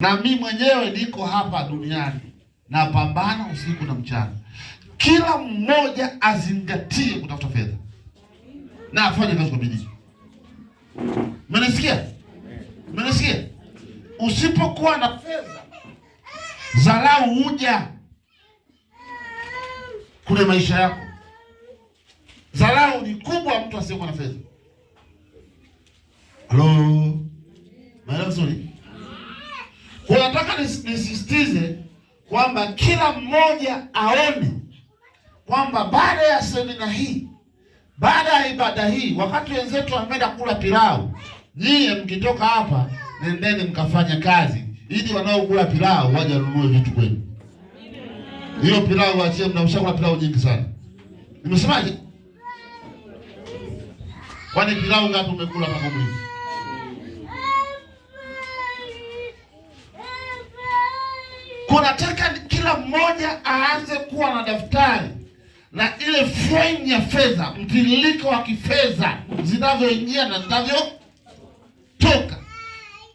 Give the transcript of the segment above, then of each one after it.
na mi mwenyewe niko hapa duniani napambana usiku na mchana. Kila mmoja azingatie kutafuta fedha na afanye kazi kwa bidii. Mmenisikia? Mmenisikia? Usipokuwa na fedha dharau huja kule maisha yako. Dharau ni kubwa mtu asiyekuwa na fedha. Halo, maelezo ni Nataka nisisitize kwamba kila mmoja aone kwamba baada ya semina hii, baada ya ibada hii, wakati wenzetu wameenda kula pilau, nyie mkitoka hapa, nendeni mkafanya kazi ili wanaokula pilau waje wanunue vitu kwenu. Hiyo pilau waachie, mnamshakula pilau nyingi sana. Nimesemaje? Kwani pilau ngapi umekula mpaka mwingi? Kwa kila mmoja aanze kuwa na daftari na ile frame ya fedha, mtiririko wa kifedha zinavyoingia na zinavyotoka.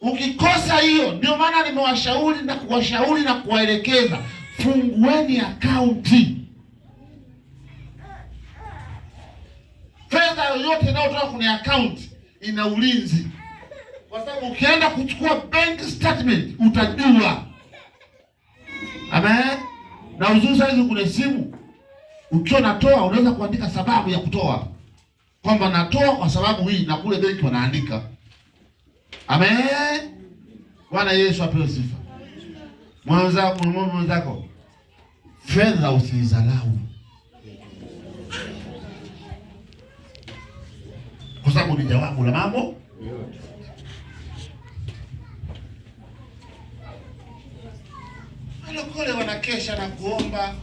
Ukikosa hiyo, ndio maana nimewashauri na kuwashauri na kuwaelekeza, fungueni akaunti. Fedha yoyote inayotoka kwenye akaunti ina ulinzi, kwa sababu ukienda kuchukua bank statement utajua Amen. Na uzuri saizi kule simu ukiwa natoa unaweza kuandika sababu ya kutoa, kwamba natoa kwa sababu hii, na kule benki wanaandika. Amen. Bwana Yesu apewe sifa. Mwenzako fedha usizalau kwa sababu ni jawabu la mambo Walokole wanakesha na kuomba,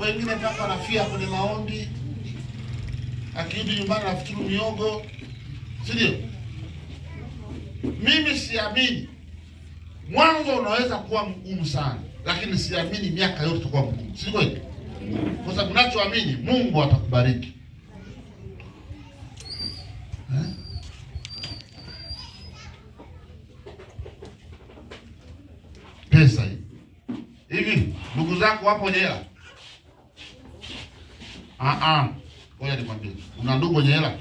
wengine mpaka wanafia kwenye maombi, akirudi nyumbani anafuturu miogo, si ndio? Mimi siamini mwanzo unaweza kuwa mgumu sana, lakini siamini miaka yote itakuwa mgumu, si kweli? Kwa sababu nachoamini Mungu atakubariki. pesa hii. Hivi ndugu zako wapo jela? Ah ah. Ngoja nikwambie. Una ndugu wenye hela?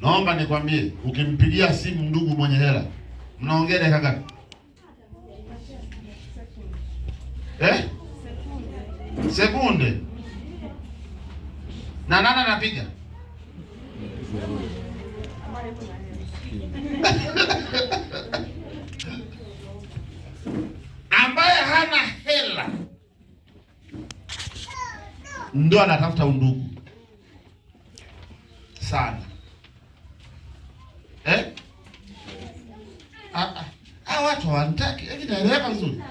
Naomba nikwambie, ukimpigia simu ndugu mwenye hela, mnaongea dakika ngapi? Eh? Sekunde. Na nana napiga? ndo anatafuta undugu sana eh? Ah, ah, ah watu hawantaki hivi. Naelewa vizuri.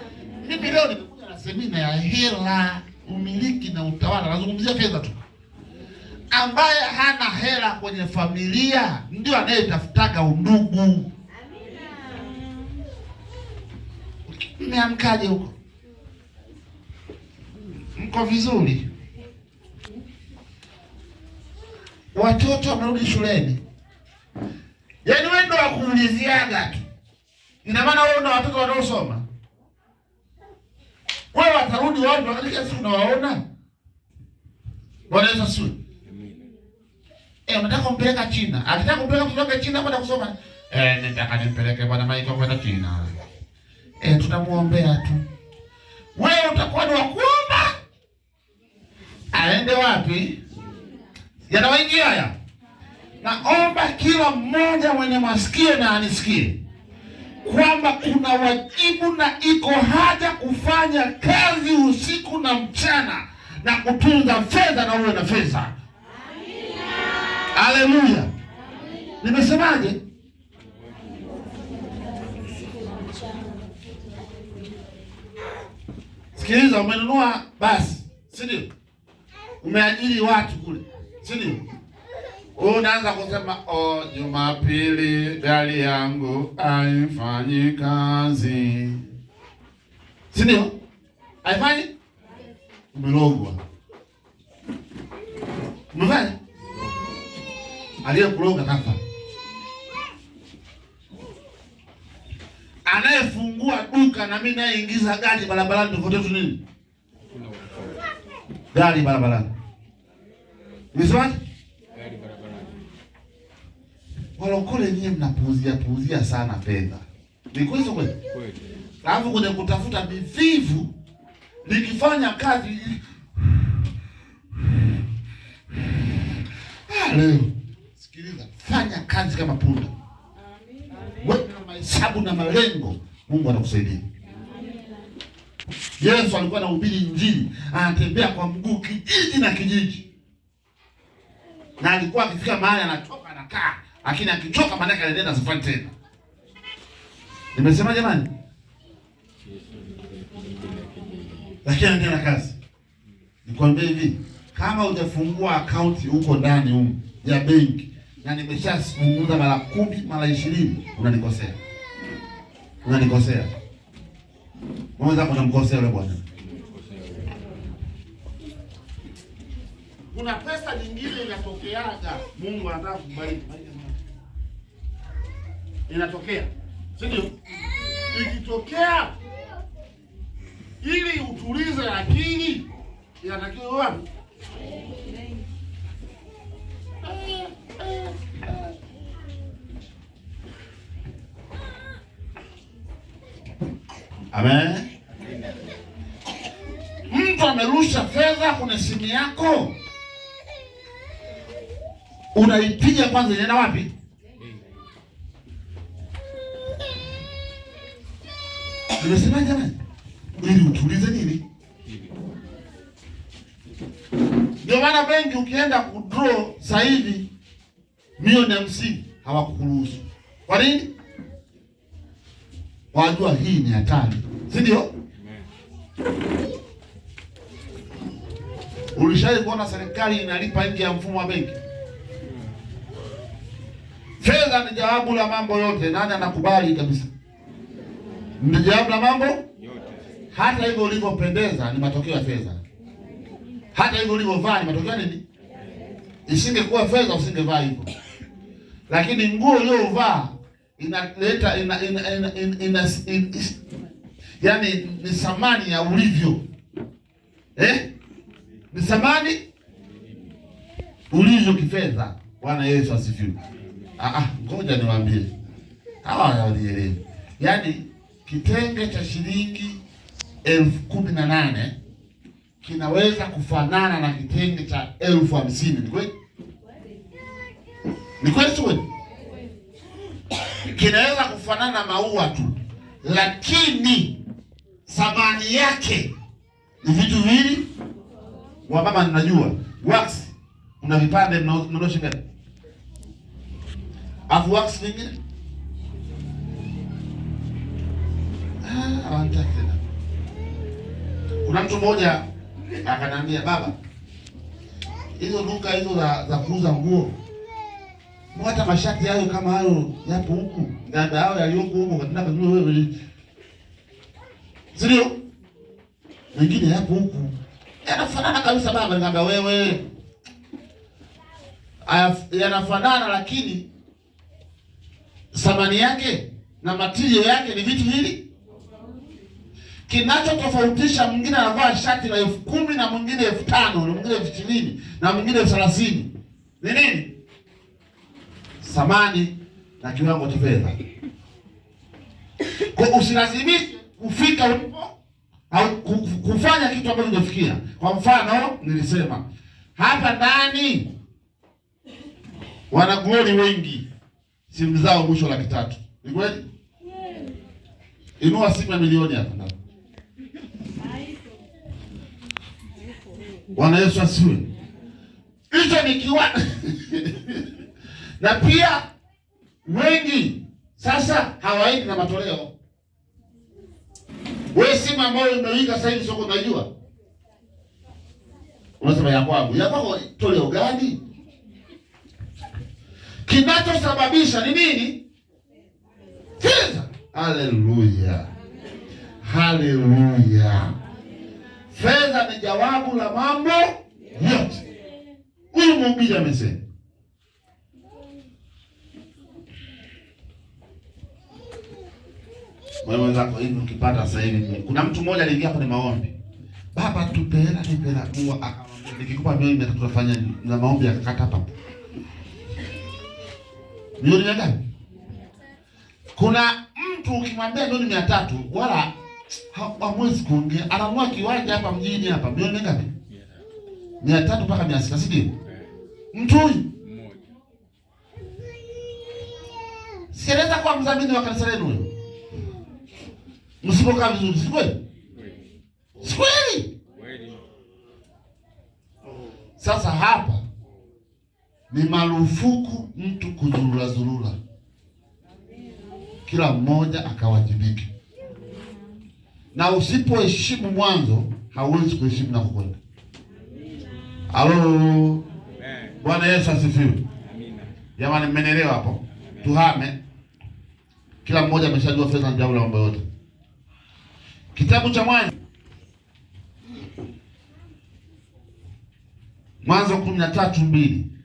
Mimi leo nimekuja na semina ya hela, umiliki na utawala, nazungumzia fedha tu. Ambaye hana hela kwenye familia ndio anayetafutaga undugu. Mmeamkaje huko? Mko vizuri? watoto mrudi shuleni. Yaani wewe ndo wakuuliziaga tu. Ina maana wewe una watoto wanaosoma. Wewe watarudi wapi wakati sisi unawaona? Bwana Yesu asifiwe. Eh, unataka kumpeleka China. Akitaka kumpeleka kutoka China kwenda kusoma. Eh, nitaka nimpeleke bwana Mike kwenda China. Eh, tunamuombea tu. Wewe utakuwa ni wa kuomba. Aende wapi? yanawaingia haya. Naomba kila mmoja mwenye masikio na anisikie kwamba kuna wajibu na iko haja kufanya kazi usiku na mchana na kutunza fedha na uwe na fedha. aleluya Nimesemaje? Sikiliza, umenunua basi, si ndio? Umeajiri watu kule chini. Unaanza kusema oh, Jumapili gari yangu haifanyi kazi, si ndio? Haifanyi, umelogwa. Umefanya aliyekuloga hapa Anayefungua duka na mimi nayeingiza gari barabarani, tofauti nini? Gari barabarani Umesemaje? Walokole nyie mnapuuzia puuzia sana fedha. Ni kweli kweli. Alafu kwenye kutafuta mivivu nikifanya kazi ah, leo. Sikiliza, fanya kazi kama punda. Weka mahesabu na malengo, Mungu atakusaidia. Yesu alikuwa anahubiri Injili, anatembea kwa mguu kijiji na kijiji na alikuwa akifika mahali anatoka anakaa, lakini akichoka maanake anaenda safari tena. Nimesema jamani, lakini anaendelea na kazi. Nikwambia hivi, kama hujafungua akaunti huko ndani huko ya benki, na nimeshazungumza mara kumi mara ishirini, unanikosea, unanikosea. Mwanzo unamkosea yule bwana. kuna pesa nyingine inatokeaga, Mungu anataka kubariki, inatokea si ndio? Ikitokea ili utulize akili, inatakiwa wapi? Amen. Mtu amerusha fedha kwenye simu yako unaipiga kwanza, inaenda wapi? Nimesema jamani, ili utulize nini? Ndio maana benki ukienda kudraw sasa hivi milioni hamsini hawakuruhusu. Kwa nini? Wajua hii ni hatari, si ndio? Ulishawahi kuona serikali inalipa nje ya mfumo wa benki? Fedha ni jawabu la mambo yote. Nani anakubali kabisa? Ni jawabu la mambo yote. Hata hivyo ulivyopendeza ni matokeo ya fedha. Hata hivyo ulivyovaa ni matokeo nini? Isingekuwa fedha usingevaa hivyo. Lakini nguo uliyovaa inaleta ina, ina, ina, ina, ina, ina, yaani ni thamani ya ulivyo. Eh? Ni thamani ulivyo kifedha. Bwana Yesu asifiwe. Ah, ah, ngoja niwaambie hawa walielewa. Yaani kitenge cha shilingi elfu kumi na nane kinaweza kufanana na kitenge cha elfu hamsini. Ni kweli? Ni kweli kweli? Kinaweza kufanana na maua tu, lakini thamani yake ni vitu viwili. Wamama, ninajua wax kuna vipande mnaoshinda Avuaksi vingine hawamtaki tena. Kuna mtu mmoja akaniambia, baba, hizo duka hizo za za kuuza nguo hata mashati hayo kama hayo yapo huku ganda hao yaliyoko huko katenda kazuri wewe, sio wengine yapo huku yanafanana kabisa baba. Nikamwambia wewe, yanafanana lakini thamani yake na matirio yake ni vitu hili Kinachotofautisha mwingine anavaa shati la elfu kumi na mwingine elfu tano na mwingine elfu ishirini na mwingine elfu thelathini ni nini? Thamani na kiwango cha fedha. Kwa usilazimishe kufika ulipo au kufanya kitu ambacho hujafikia. Kwa mfano, nilisema hapa ndani wana glory wengi simu zao mwisho laki tatu. Ni kweli? Inua simu ya milioni hapa. Bwana Yesu asifiwe. Hicho ni kiwa Na pia wengi sasa hawaendi na matoleo. Wewe simu ambayo umeiga sasa hivi soko unajua. Unasema ya kwangu. Ya kwako toleo gani? Kinachosababisha ni nini? Fedha. Haleluya, haleluya. Fedha ni jawabu la mambo yote. Huyu mhubiri amesema mwenzako hivi ukipata sasa hivi. Kuna mtu mmoja aliingia kwenye maombi, baba tupe hela, tupe hela, akamwambia nikikupa milioni mia na maombi akakata hapo milioni mia ngapi? Kuna mtu ukimwambia milioni mia tatu wala hamwezi kuongea. Anamua kiwanja hapa mjini hapa milioni mia ngapi? mia tatu mpaka mia sita si ndio? Mtu huyu sieleza kwa mdhamini wa kanisa lenu huyo, msipokaa vizuri, si kweli? Si kweli? Sasa hapa ni marufuku mtu kuzurura zurura, kila mmoja akawajibike. Na usipoheshimu mwanzo, hauwezi kuheshimu na kukwenda. Halo, Bwana Yesu asifiwe. Jamani, mmenielewa hapo? Tuhame, kila mmoja ameshajua fedha jambo la mambo yote. Kitabu cha Mwanzo, Mwanzo kumi na tatu mbili